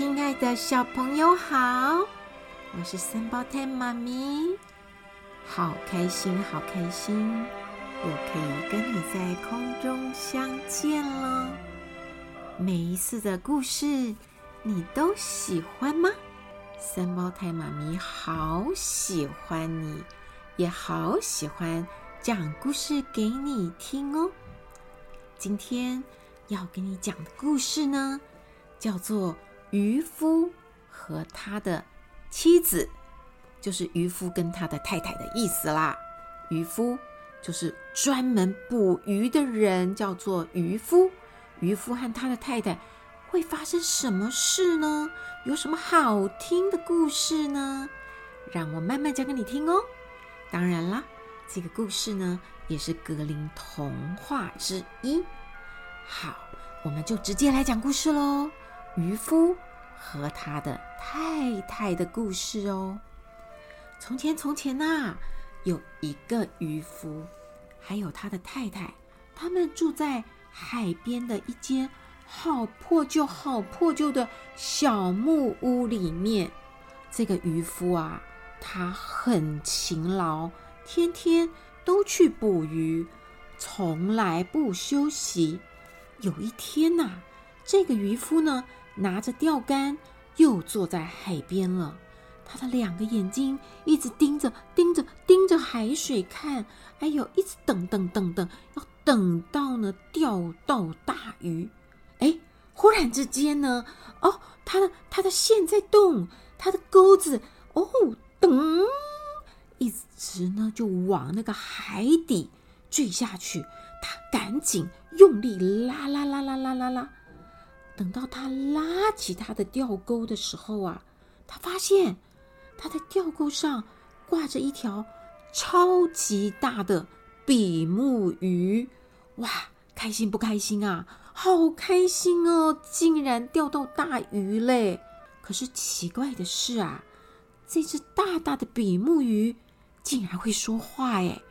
親愛的小朋友好，我是三胞胎媽咪，好開心，好開心，我可以跟你在空中相見了。每一次的故事你都喜歡嗎？三胞胎媽咪好喜歡你，也好喜歡講故事給你聽哦。今天要給你講的故事呢，叫做。漁夫和他的妻子，就是漁夫跟他的太太的意思啦。漁夫就是專門捕魚的人，叫做漁夫。漁夫和他的太太會發生什麼事呢？有什麼好聽的故事呢？讓我慢慢講給你聽哦。當然啦，這個故事呢也是格林童話之一。好，我們就直接來講故事嘍。漁夫和他的太太的故事哦。從前，從前吶，有一個漁夫，還有他的太太，他們住在海邊的一間好破舊、好破舊的小木屋裡面。這個漁夫啊，他很勤勞，天天都去捕魚，從來不休息。有一天吶。這個漁夫呢，拿着釣竿，又坐在海邊了。他的兩個眼睛一直盯着、盯着、盯着海水看，哎呦，一直等等等等，要等，等，等到呢釣到大魚。哎，忽然之間呢，哦，他的他的線在動，他的鈎子哦，噔，一直呢就往那個海底墜下去。他趕緊用力拉拉拉拉拉拉拉。等到他拉起他的釣鈎的時候啊，他發現他的釣鈎上掛着一條超級大的比目魚！哇，開心不開心啊？好開心哦，竟然釣到大魚嘞！可是奇怪的是啊，這隻大大的比目魚竟然會說話哎！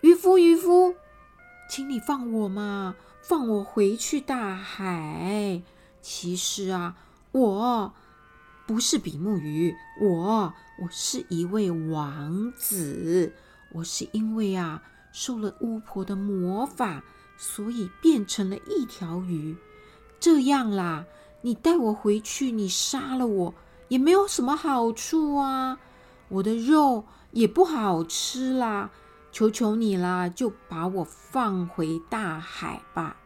漁夫，漁夫，請你放我嘛，放我回去大海。其實啊，我不是比目魚，我我是一位王子。我是因為啊受了巫婆的魔法，所以變成了一條魚。這樣啦，你帶我回去，你殺了我也沒有什麼好處啊。我的肉也不好吃啦，求求你啦，就把我放回大海吧。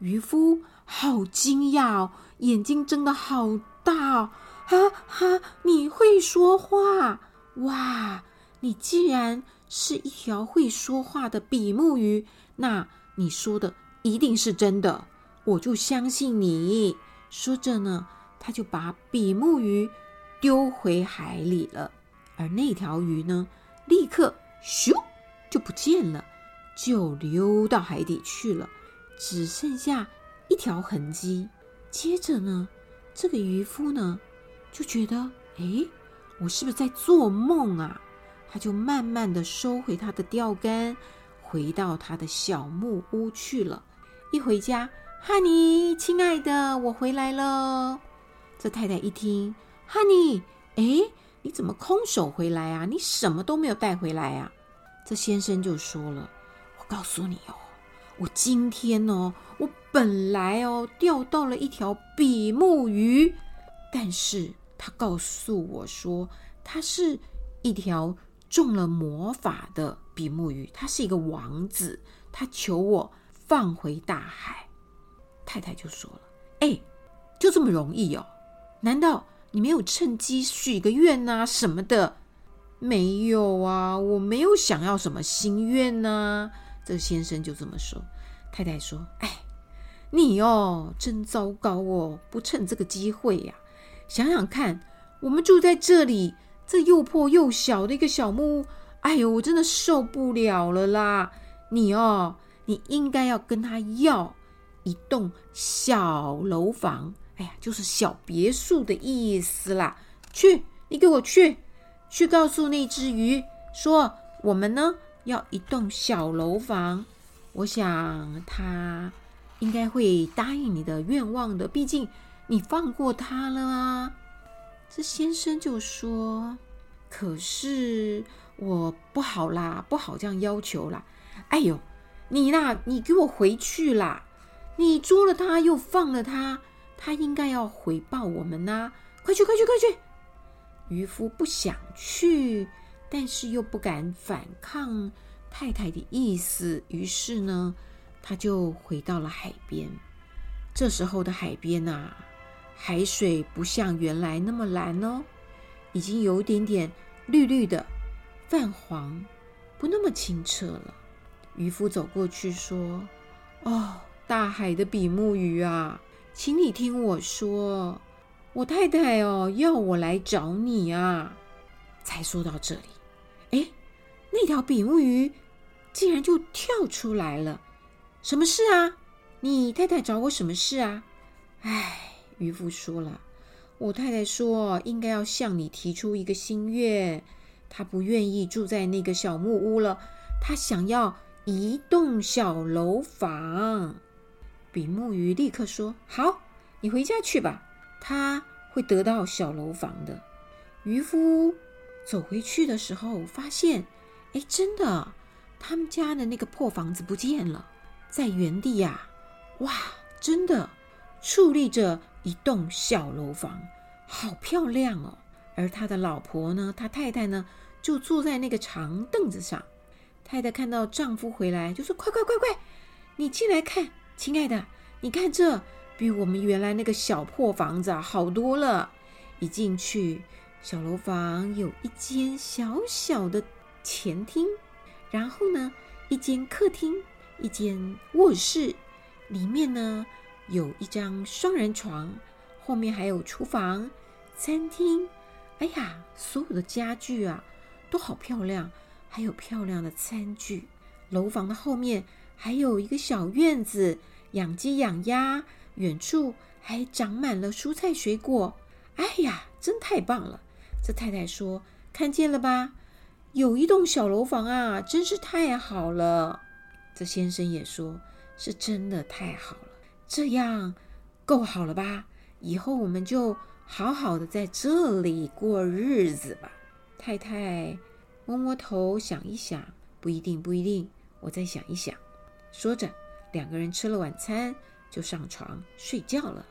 漁夫好驚訝哦，眼睛睜得好大哦，哈、啊、哈、啊，你會說話？哇，你既然是一條會說話的比目魚，那你說的一定是真的，我就相信你。說着呢，他就把比目魚丟回海裡了，而那條魚呢，立刻咻就不見了，就溜到海底去了。只剩下一條痕跡。接着呢，這個漁夫呢就覺得，哎，我是不是在做夢啊？他就慢慢的收回他的釣竿，回到他的小木屋去了。一回家，Honey，親愛的，我回來了。這太太一聽，Honey，哎，你怎麼空手回來啊？你什麼都沒有帶回來呀、啊？這先生就說了，我告訴你哦。我今天哦，我本來哦釣到了一條比目魚，但是他告訴我說，他是一條中了魔法的比目魚，他是一個王子，他求我放回大海。太太就說了：“哎、欸，就這麼容易哦？難道你沒有趁機許個願啊什麼的？沒有啊，我沒有想要什麼心願啊。”這先生就這麼說，太太說：“哎，你哦，真糟糕哦，不趁這個機會呀、啊！想想看，我們住在這裡，這又破又小的一個小木屋，哎呦，我真的受不了了啦！你哦，你應該要跟他要一棟小樓房，哎呀，就是小別墅的意思啦！去，你給我去，去告訴那隻魚，說我們呢。”要一棟小樓房，我想他應該會答應你的願望的。畢竟你放過他了啊！這先生就說：“可是我不好啦，不好這樣要求啦。”哎呦，你呐，你給我回去啦！你捉了他，又放了他，他應該要回報我們吶、啊！快去，快去，快去！漁夫不想去。但是又不敢反抗太太的意思，於是呢，他就回到了海邊。這時候的海邊啊，海水不像原來那麼藍哦，已經有一點點綠綠的、泛黃，不那麼清澈了。漁夫走過去說：“哦，大海的比目魚啊，請你聽我說，我太太哦，要我來找你啊。”才說到這裡。哎，那條比目魚竟然就跳出來了，什麼事啊？你太太找我什麼事啊？哎，漁夫說了，我太太說應該要向你提出一個心願，她不願意住在那個小木屋了，她想要一棟小樓房。比目魚立刻說：“好，你回家去吧，她會得到小樓房的。”漁夫，走回去的時候，發現，哎，真的，他們家的那個破房子不見了，在原地呀、啊，哇，真的矗立着一棟小樓房，好漂亮哦。而他的老婆呢，他太太呢，就坐在那個長凳子上。太太看到丈夫回來，就說、是：“快快快快，你進來看，親愛的，你看這比我們原來那個小破房子好多了。”一進去。小樓房有一間小小的前廳，然後呢，一間客廳，一間臥室，裡面呢，有一張雙人床，後面還有廚房、餐廳。哎呀，所有的家具啊都好漂亮，還有漂亮的餐具。樓房的後面還有一個小院子，養雞養鴨，遠處還長滿了蔬菜水果。哎呀，真太棒了！這太太說：“看見了吧，有一棟小樓房啊，真是太好了。”這先生也說：“是真的太好了，這樣夠好了吧？以後我們就好好的在這裡過日子吧。”太太摸摸頭，想一想：“不一定，不一定，我再想一想。”說着，兩個人吃了晚餐，就上床睡覺了。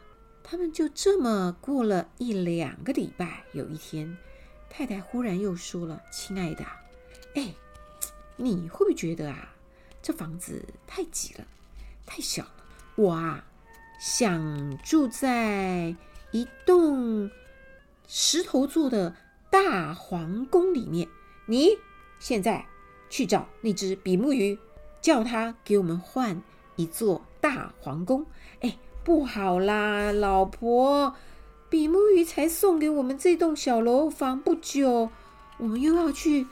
他們就這麼過了一兩個禮拜。有一天，太太忽然又說了：“親愛的，哎，你會不會覺得啊，這房子太擠了，太小了？我啊，想住在一棟石頭做的大皇宮裡面。你現在去找那隻比目魚，叫他給我們換一座大皇宮。”哎。不好啦，老婆，比目魚才送給我們這棟小樓房不久，我們又要去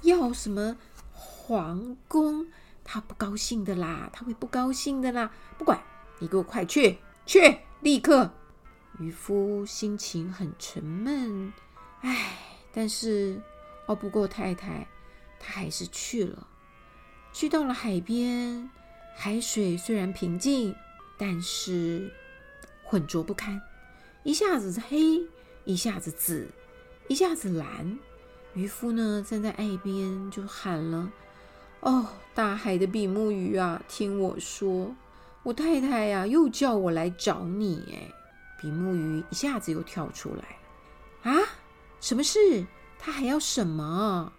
要什麼皇宮？他不高興的啦，他會不高興的啦。不管，你給我快去，去，立刻！漁夫心情很沉悶，唉，但是，拗不過太太，他還是去了，去到了海邊，海水雖然平靜。但是混濁不堪，一下子是黑，一下子紫，一下子藍。漁夫呢，站在岸邊就喊了：“哦，大海的比目魚啊，聽我說，我太太呀，啊，又叫我來找你，欸。”比目魚一下子又跳出來，啊，什麼事？他還要什麼？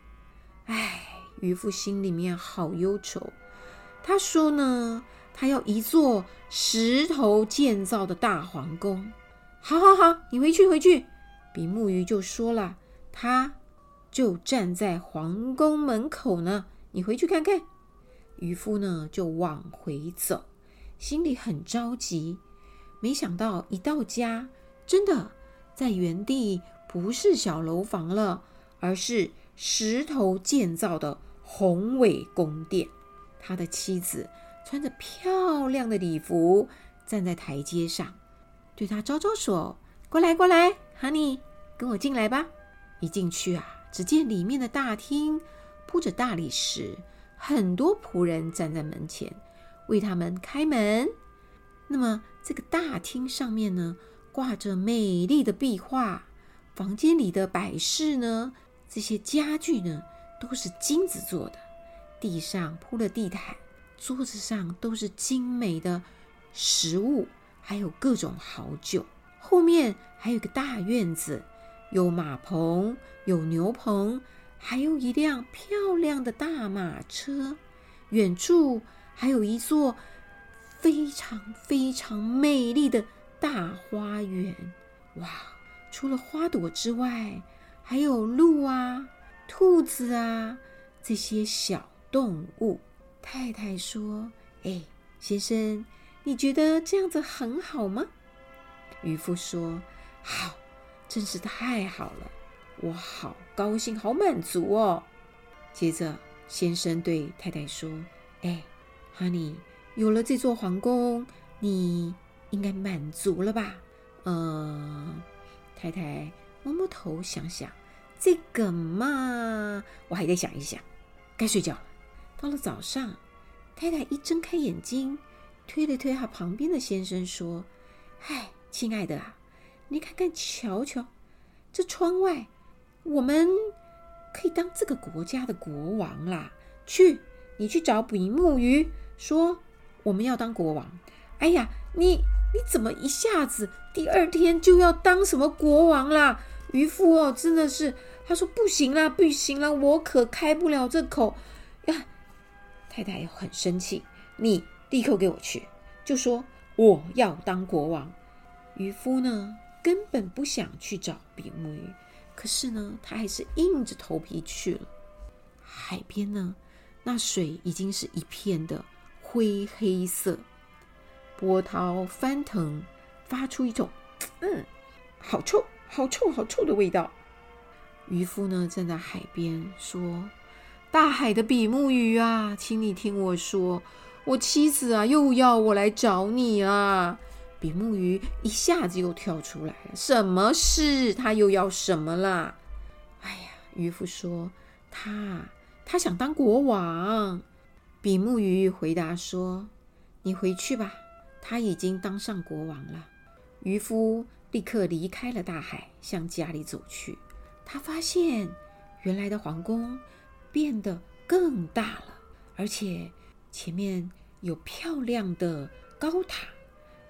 哎，漁夫心裡面好憂愁。他說呢。還有一座石頭建造的大皇宮。好，好，好，你回去，回去。比目魚就說了，他就站在皇宮門口呢。你回去看看。漁夫呢，就往回走，心裡很着急。沒想到一到家，真的在原地不是小樓房了，而是石頭建造的宏偉宮殿。他的妻子。穿着漂亮的禮服，站在台階上，對他招招手：“過來，過來哈尼，Honey, 跟我進來吧。”一進去啊，只見裡面的大廳鋪着大理石，很多僕人站在門前為他們開門。那麼這個大廳上面呢，掛着美麗的壁畫；房間裡的擺飾呢，這些家具呢，都是金子做的；地上鋪了地毯。桌子上都是精美的食物，還有各種好酒。後面還有個大院子，有馬棚，有牛棚，還有一輛漂亮的大馬車。遠處還有一座非常非常美麗的大花園。哇，除了花朵之外，還有鹿啊、兔子啊，這些小動物。太太說：“哎，先生，你覺得這樣子很好嗎？”漁夫說：“好，真是太好了，我好高興，好滿足哦。”接着，先生對太太說：“哎，Honey，有了這座皇宮，你應該滿足了吧？”嗯，太太摸摸頭想想，這個嘛，我還得想一想，該睡覺了。到了早上，太太一睜開眼睛，推了推他旁邊的先生，說：“哎，親愛的啊，你看看，瞧瞧，這窗外，我們可以當這個國家的國王啦！去，你去找比目魚，說我們要當國王。哎呀，你你怎麼一下子第二天就要當什麼國王啦？漁夫哦，真的是，他說不行啦，不行啦，我可開不了這口呀。啊”太太很生氣，你立刻給我去！就說我要當國王。漁夫呢，根本不想去找比目魚，可是呢，他還是硬着頭皮去了。海邊呢，那水已經是一片的灰黑色，波濤翻騰，發出一種嗯好，好臭，好臭，好臭的味道。漁夫呢，站在海邊說。大海的比目魚啊，請你聽我說，我妻子啊又要我來找你啊。比目魚一下子又跳出來了，什麼事？他又要什麼了？哎呀，漁夫說：“他他想當國王。”比目魚回答說：“你回去吧，他已經當上國王了。”漁夫立刻離開了大海，向家裡走去。他發現原來的皇宮。變得更大了，而且前面有漂亮的高塔，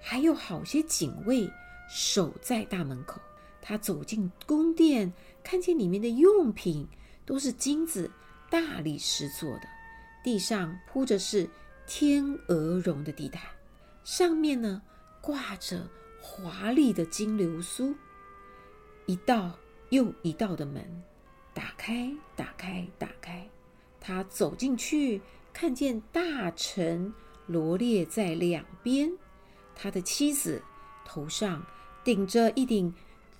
還有好些警衛守在大門口。他走進宮殿，看見裡面的用品都是金子、大理石做的，地上鋪着是天鵝絨的地毯，上面呢掛着華麗的金流蘇，一道又一道的門。打開，打開，打開！他走進去，看見大臣羅列在兩邊，他的妻子頭上頂着一頂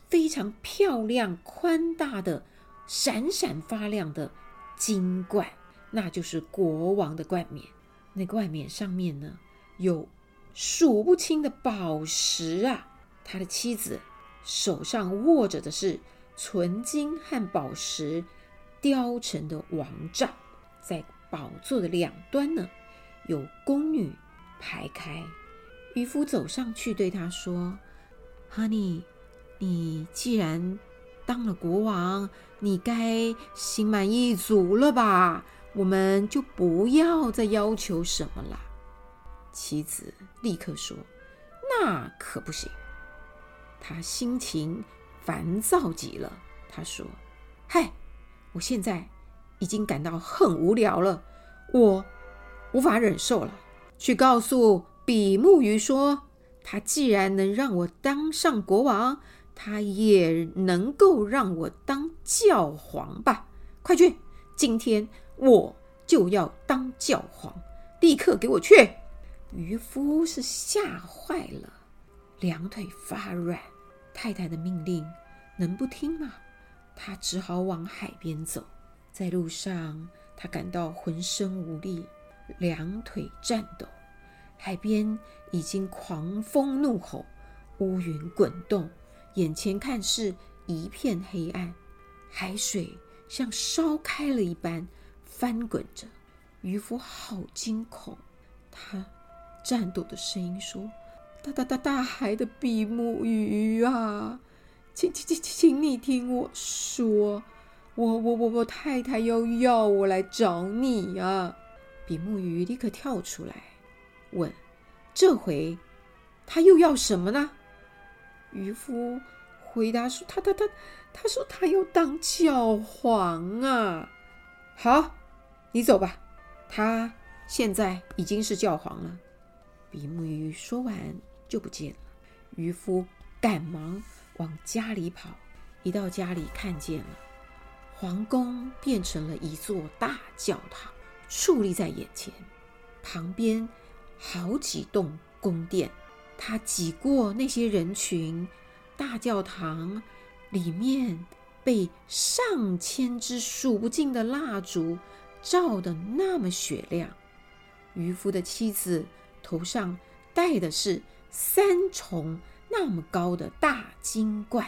非常漂亮、寬大的、閃閃發亮的金冠，那就是國王的冠冕。那冠冕上面呢，有數不清的寶石啊！他的妻子手上握着的是。純金和寶石雕成的王杖，在寶座的兩端呢，有宮女排開。漁夫走上去對他說：“Honey，你既然當了國王，你該心滿意足了吧？我們就不要再要求什麼了。”妻子立刻說：“那可不行。”他心情。煩躁極了，他說：“嗨，我現在已經感到很無聊了，我無法忍受了。去告訴比目魚說，他既然能讓我當上國王，他也能夠讓我當教皇吧！快去，今天我就要當教皇！立刻給我去！”漁夫是嚇壞了，兩腿發軟。太太的命令能不聽嗎？他只好往海邊走。在路上，他感到渾身無力，兩腿顫抖。海邊已經狂風怒吼，烏雲滾動，眼前看似一片黑暗。海水像燒開了一般翻滾着，漁夫好驚恐。他顫抖的聲音說。大、大、大，大海的比目魚啊，請、請、請，請你聽我說，我、我、我、我太太要要我來找你啊！比目魚立刻跳出來，問：“這回他又要什麼呢？”漁夫回答說：“他、他、他，他說他要當教皇啊！”“好，你走吧，他現在已經是教皇了。”比目魚說完就不見了。漁夫趕忙往家裡跑，一到家裡看見了，皇宮變成了一座大教堂，矗立在眼前，旁邊好幾棟宮殿。他擠過那些人群，大教堂裡面被上千支數不盡的蠟燭照得那麼雪亮。漁夫的妻子頭上戴的是。三重那麼高的大金冠，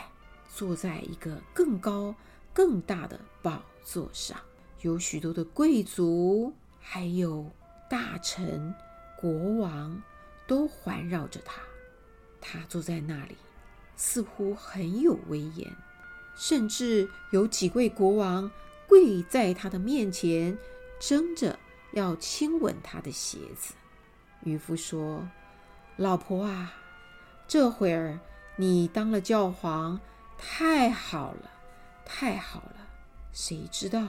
坐在一個更高、更大的寶座上，有許多的貴族，還有大臣、國王，都環繞着他。他坐在那裡，似乎很有威嚴，甚至有幾位國王跪在他的面前，爭着要親吻他的鞋子。漁夫說。老婆啊，這會兒你當了教皇，太好了，太好了！誰知道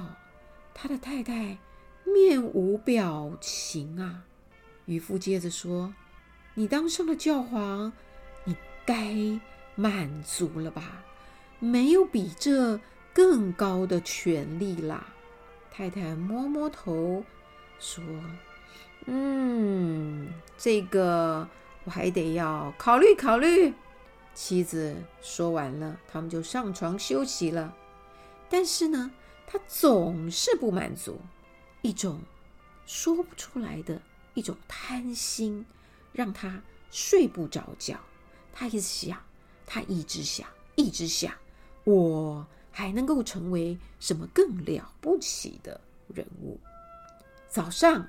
他的太太面無表情啊。漁夫接着說：“你當上了教皇，你該滿足了吧？沒有比這更高的權力了。”太太摸摸頭說：“嗯，這個。”我還得要考慮考慮。”妻子說完了，他們就上床休息了。但是呢，他總是不滿足，一種說不出來的、一種貪心，讓他睡不着覺。他一直想，他一直想，一直想，我還能夠成為什麼更了不起的人物？早上，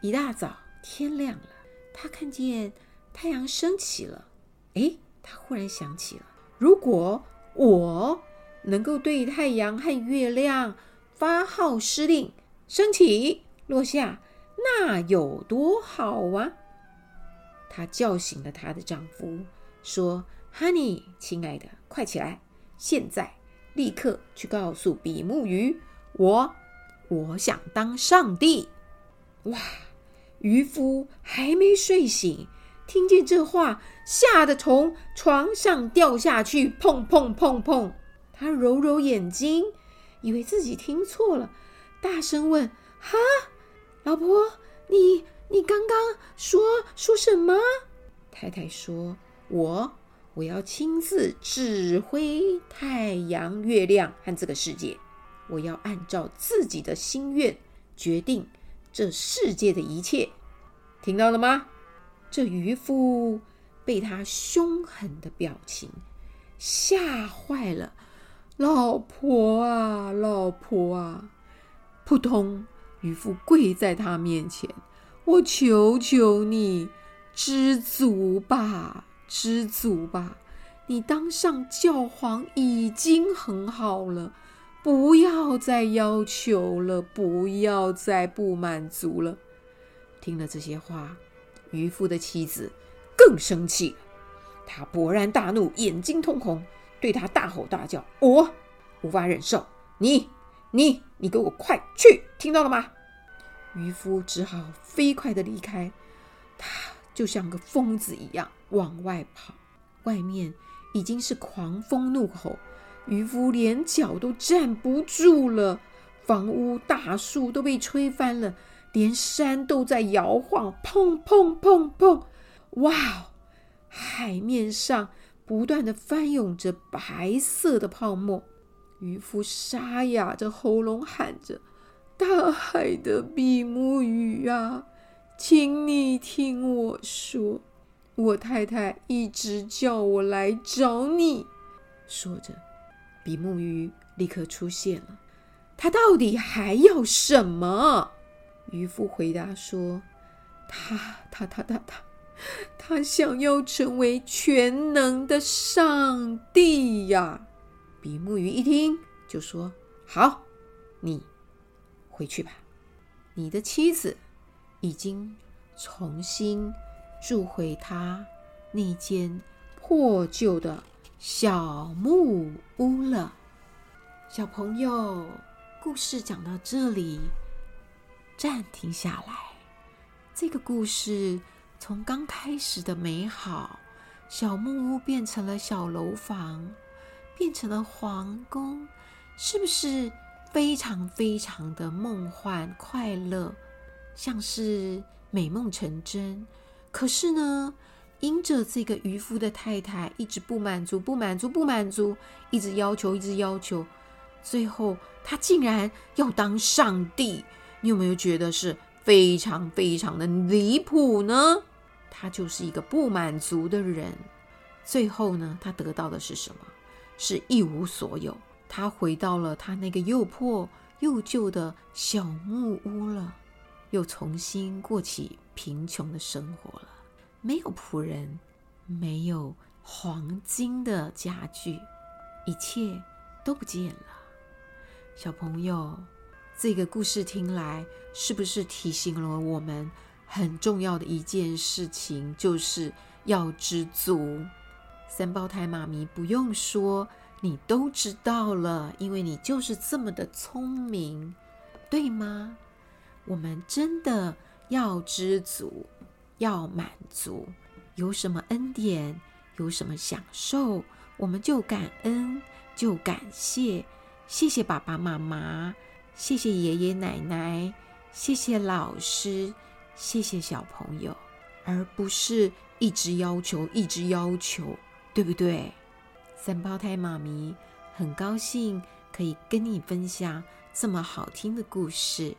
一大早，天亮了，他看見。太陽升起了，哎、欸，他忽然想起了，如果我能夠對太陽和月亮發號施令，升起落下，那有多好啊！她叫醒了她的丈夫，說：“Honey，親愛的，快起來，現在立刻去告訴比目魚，我我想當上帝。”哇，漁夫還沒睡醒。聽見這話，嚇得從床上掉下去，砰砰砰砰，他揉揉眼睛，以為自己聽錯了，大聲問：“哈，老婆，你你剛剛說說什麼？”太太說：“我我要親自指揮太陽、月亮和這個世界，我要按照自己的心願決定這世界的一切，聽到了嗎？”這漁夫被他凶狠的表情嚇壞了，老婆啊，老婆啊！撲通，漁夫跪在他面前：“我求求你，知足吧，知足吧！你當上教皇已經很好了，不要再要求了，不要再不滿足了。”聽了這些話。漁夫的妻子更生氣了，他勃然大怒，眼睛通紅，對他大吼大叫：“我、哦、無法忍受你，你，你給我快去，聽到了嗎？”漁夫只好飛快地離開，他就像個瘋子一樣往外跑。外面已經是狂風怒吼，漁夫連腳都站不住了，房屋、大樹都被吹翻了。連山都在搖晃，砰砰砰砰！哇哦，海面上不斷地翻湧着白色的泡沫。漁夫沙啞着喉嚨喊着：“喊着，大海的比目魚啊！請你聽我說，我太太一直叫我來找你。”說着，比目魚立刻出現了。他到底還要什麼？漁夫回答說：“他他他他他，他想要成為全能的上帝呀、啊！”比目魚一聽就說：“好，你回去吧。你的妻子已經重新住回她那間破舊的小木屋了。”小朋友，故事講到這裡。暫停下來，這個故事從剛開始的美好小木屋變成了小樓房，變成了皇宮，是不是非常非常的夢幻快樂，像是美夢成真？可是呢，因着這個漁夫的太太一直不滿足，不滿足，不滿足，一直要求，一直要求，最後她竟然要當上帝。你有沒有覺得是非常非常的離譜呢？他就是一個不滿足的人，最後呢，他得到的是什麼？是一無所有。他回到了他那個又破又舊的小木屋了，又重新過起貧窮的生活了，沒有僕人，沒有黃金的家具，一切都不見了。小朋友。這個故事聽來是不是提醒了我們很重要的一件事情，就是要知足？三胞胎媽咪不用說，你都知道了，因為你就是這麼的聰明，對嗎？我們真的要知足，要滿足，有什麼恩典，有什麼享受，我們就感恩，就感謝，謝謝爸爸媽媽。謝謝爺爺奶奶，謝謝老師，謝謝小朋友，而不是一直要求，一直要求，對不對？三胞胎媽咪很高興可以跟你分享這麼好聽的故事，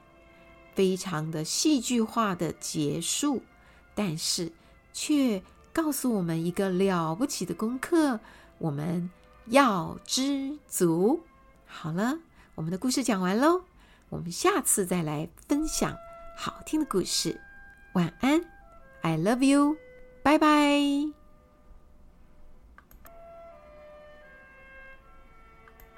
非常的戲劇化的結束，但是卻告訴我們一個了不起的功課，我們要知足。好了。我們的故事講完嘍，我們下次再來分享好聽的故事。晚安，I love you，拜拜。